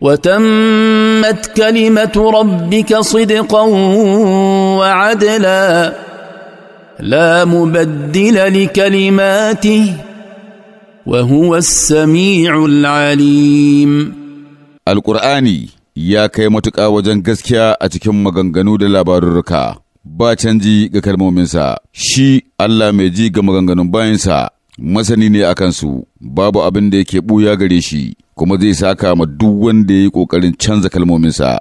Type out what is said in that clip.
وتمت كلمه ربك صدقا وعدلا لا مبدل لكلماته وهو السميع العليم القراني ya kai matuƙa wajen gaskiya a cikin maganganu da labarurruka ba canji ga kalmominsa shi Allah mai ji ga maganganun bayansa masani ne a kansu babu abin da yake ɓuya gare shi kuma zai saka ma duk wanda ya yi ƙoƙarin canza kalmominsa.